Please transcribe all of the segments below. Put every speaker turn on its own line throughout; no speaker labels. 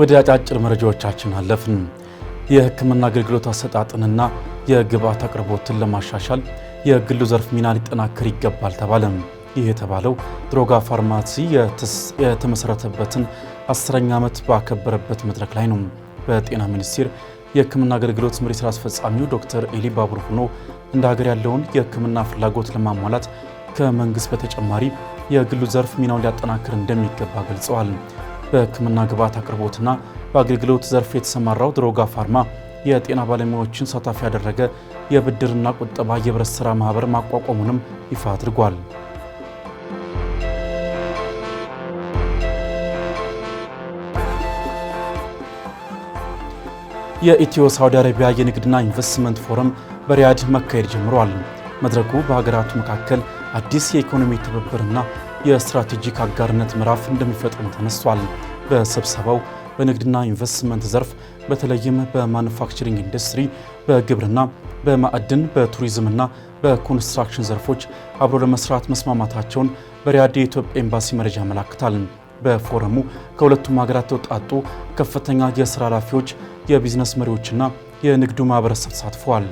ወደ አጫጭር መረጃዎቻችን አለፍን። የሕክምና አገልግሎት አሰጣጥንና የግብአት አቅርቦትን ለማሻሻል የግሉ ዘርፍ ሚና ሊጠናከር ይገባል ተባለ። ይህ የተባለው ድሮጋ ፋርማሲ የተመሰረተበትን አስረኛ ዓመት ባከበረበት መድረክ ላይ ነው። በጤና ሚኒስቴር የሕክምና አገልግሎት መሪ ስራ አስፈጻሚው ዶክተር ኤሊ ባቡር ሆኖ እንደ ሀገር ያለውን የሕክምና ፍላጎት ለማሟላት ከመንግስት በተጨማሪ የግሉ ዘርፍ ሚናውን ሊያጠናክር እንደሚገባ ገልጸዋል። በህክምና ግብዓት አቅርቦትና በአገልግሎት ዘርፍ የተሰማራው ድሮጋ ፋርማ የጤና ባለሙያዎችን ተሳታፊ ያደረገ የብድርና ቁጠባ የህብረት ስራ ማህበር ማቋቋሙንም ይፋ አድርጓል። የኢትዮ ሳውዲ አረቢያ የንግድና ኢንቨስትመንት ፎረም በሪያድ መካሄድ ጀምሯል። መድረኩ በሀገራቱ መካከል አዲስ የኢኮኖሚ ትብብርና የስትራቴጂክ አጋርነት ምዕራፍ እንደሚፈጥሩም ተነስቷል። በስብሰባው በንግድና ኢንቨስትመንት ዘርፍ በተለይም በማኑፋክቸሪንግ ኢንዱስትሪ፣ በግብርና፣ በማዕድን፣ በቱሪዝምና በኮንስትራክሽን ዘርፎች አብሮ ለመስራት መስማማታቸውን በሪያድ የኢትዮጵያ ኤምባሲ መረጃ ያመላክታል። በፎረሙ ከሁለቱም ሀገራት ተውጣጡ ከፍተኛ የስራ ኃላፊዎች፣ የቢዝነስ መሪዎችና የንግዱ ማህበረሰብ ተሳትፈዋል።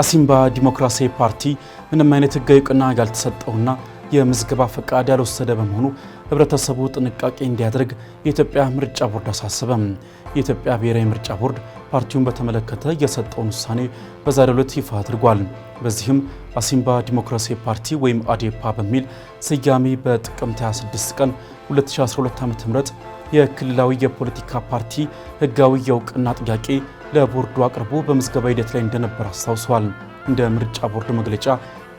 አሲምባ ዲሞክራሲያዊ ፓርቲ ምንም አይነት ህጋዊ እውቅና ያልተሰጠውና የምዝገባ ፈቃድ ያልወሰደ በመሆኑ ህብረተሰቡ ጥንቃቄ እንዲያደርግ የኢትዮጵያ ምርጫ ቦርድ አሳሰበም። የኢትዮጵያ ብሔራዊ ምርጫ ቦርድ ፓርቲውን በተመለከተ የሰጠውን ውሳኔ በዛሬው ዕለት ይፋ አድርጓል። በዚህም አሲምባ ዲሞክራሲያዊ ፓርቲ ወይም አዴፓ በሚል ስያሜ በጥቅምት 26 ቀን 2012 ዓ.ም የክልላዊ የፖለቲካ ፓርቲ ህጋዊ የእውቅና ጥያቄ ለቦርዱ አቅርቦ በምዝገባ ሂደት ላይ እንደነበር አስታውሰዋል። እንደ ምርጫ ቦርድ መግለጫ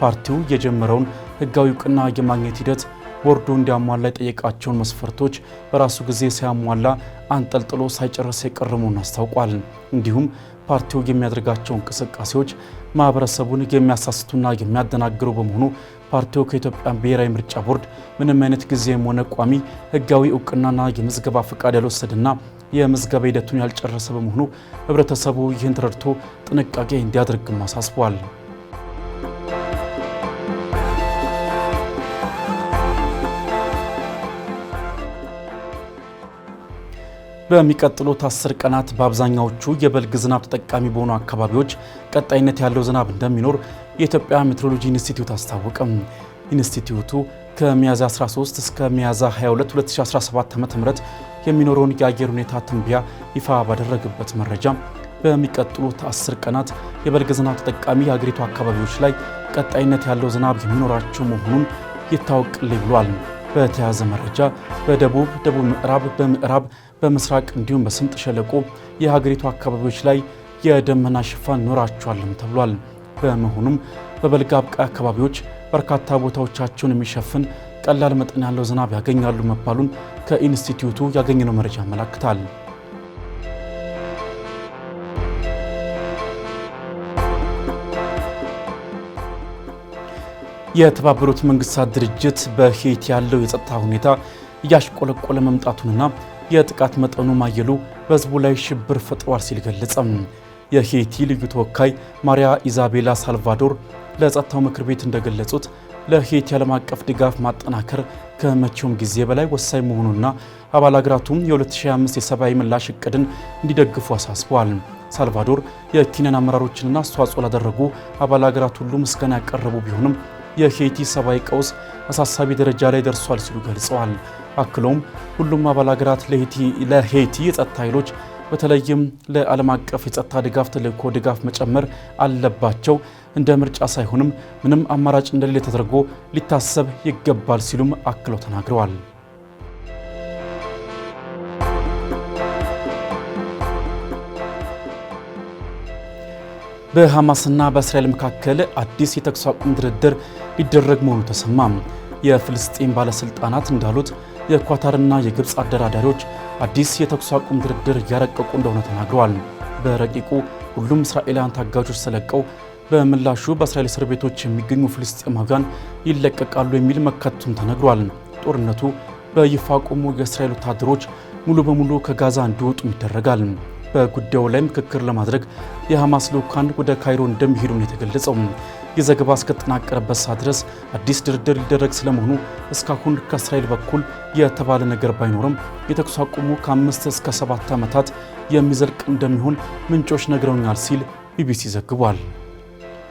ፓርቲው የጀመረውን ህጋዊ እውቅና የማግኘት ሂደት ቦርዱ እንዲያሟላ የጠየቃቸውን መስፈርቶች በራሱ ጊዜ ሳያሟላ አንጠልጥሎ ሳይጨርስ የቀረመውን አስታውቋል። እንዲሁም ፓርቲው የሚያደርጋቸው እንቅስቃሴዎች ማህበረሰቡን የሚያሳስቱና የሚያደናግሩ በመሆኑ ፓርቲው ከኢትዮጵያ ብሔራዊ ምርጫ ቦርድ ምንም አይነት ጊዜም ሆነ ቋሚ ህጋዊ እውቅናና የምዝገባ ፈቃድ ያልወሰድና የምዝገባ ሂደቱን ያልጨረሰ በመሆኑ ህብረተሰቡ ይህን ተረድቶ ጥንቃቄ እንዲያደርግም አሳስቧል። በሚቀጥሉት አስር ቀናት በአብዛኛዎቹ የበልግ ዝናብ ተጠቃሚ በሆኑ አካባቢዎች ቀጣይነት ያለው ዝናብ እንደሚኖር የኢትዮጵያ ሜትሮሎጂ ኢንስቲትዩት አስታወቀም። ኢንስቲትዩቱ ከሚያዝያ 13 እስከ ሚያዝያ 22 2017 ም የሚኖረውን የአየር ሁኔታ ትንቢያ ይፋ ባደረገበት መረጃ በሚቀጥሉት አስር ቀናት የበልግ ዝናብ ተጠቃሚ የአገሪቱ አካባቢዎች ላይ ቀጣይነት ያለው ዝናብ የሚኖራቸው መሆኑን ይታወቅልኝ ብሏል። በተያያዘ መረጃ በደቡብ፣ ደቡብ ምዕራብ፣ በምዕራብ፣ በምስራቅ እንዲሁም በስምጥ ሸለቆ የሀገሪቱ አካባቢዎች ላይ የደመና ሽፋን ኖራቸዋልም ተብሏል። በመሆኑም በበልግ አብቃይ አካባቢዎች በርካታ ቦታዎቻቸውን የሚሸፍን ቀላል መጠን ያለው ዝናብ ያገኛሉ መባሉን ከኢንስቲትዩቱ ያገኘነው መረጃ ያመላክታል። የተባበሩት መንግስታት ድርጅት በሄይቲ ያለው የጸጥታ ሁኔታ እያሽቆለቆለ መምጣቱንና የጥቃት መጠኑ ማየሉ በህዝቡ ላይ ሽብር ፈጥሯል ሲል ገለጸም። የሄይቲ ልዩ ተወካይ ማሪያ ኢዛቤላ ሳልቫዶር ለጸጥታው ምክር ቤት እንደገለጹት ለሄይቲ ዓለም አቀፍ ድጋፍ ማጠናከር ከመቼውም ጊዜ በላይ ወሳኝ መሆኑና አባል አገራቱም የ2025 የሰብአዊ ምላሽ እቅድን እንዲደግፉ አሳስበዋል። ሳልቫዶር የኬንያን አመራሮችንና አስተዋጽኦ ላደረጉ አባል አገራት ሁሉ ምስጋና ያቀረቡ ቢሆንም የሄይቲ ሰብአዊ ቀውስ አሳሳቢ ደረጃ ላይ ደርሷል ሲሉ ገልጸዋል። አክለውም ሁሉም አባል አገራት ለሄይቲ የጸጥታ ኃይሎች በተለይም ለዓለም አቀፍ የጸጥታ ድጋፍ ተልዕኮ ድጋፍ መጨመር አለባቸው እንደ ምርጫ ሳይሆንም ምንም አማራጭ እንደሌለ ተደርጎ ሊታሰብ ይገባል ሲሉም አክለው ተናግረዋል። በሐማስና በእስራኤል መካከል አዲስ የተኩስ አቁም ድርድር ሊደረግ መሆኑ ተሰማ። የፍልስጤም ባለስልጣናት እንዳሉት የኳታርና የግብፅ አደራዳሪዎች አዲስ የተኩስ አቁም ድርድር እያረቀቁ እንደሆነ ተናግረዋል። በረቂቁ ሁሉም እስራኤላውያን ታጋጆች ተለቀው በምላሹ በእስራኤል እስር ቤቶች የሚገኙ ፍልስጤማውያን ይለቀቃሉ የሚል መካተቱም ተነግሯል። ጦርነቱ በይፋ ቆሞ የእስራኤል ወታደሮች ሙሉ በሙሉ ከጋዛ እንዲወጡም ይደረጋል። በጉዳዩ ላይ ምክክር ለማድረግ የሐማስ ልኡካን ወደ ካይሮ እንደሚሄዱ ነው የተገለጸው። የዘገባ እስከተጠናቀረበት ሰዓት ድረስ አዲስ ድርድር ሊደረግ ስለመሆኑ እስካሁን ከእስራኤል በኩል የተባለ ነገር ባይኖርም የተኩስ አቁሙ ከአምስት እስከ ሰባት ዓመታት የሚዘልቅ እንደሚሆን ምንጮች ነግረውኛል ሲል ቢቢሲ ዘግቧል።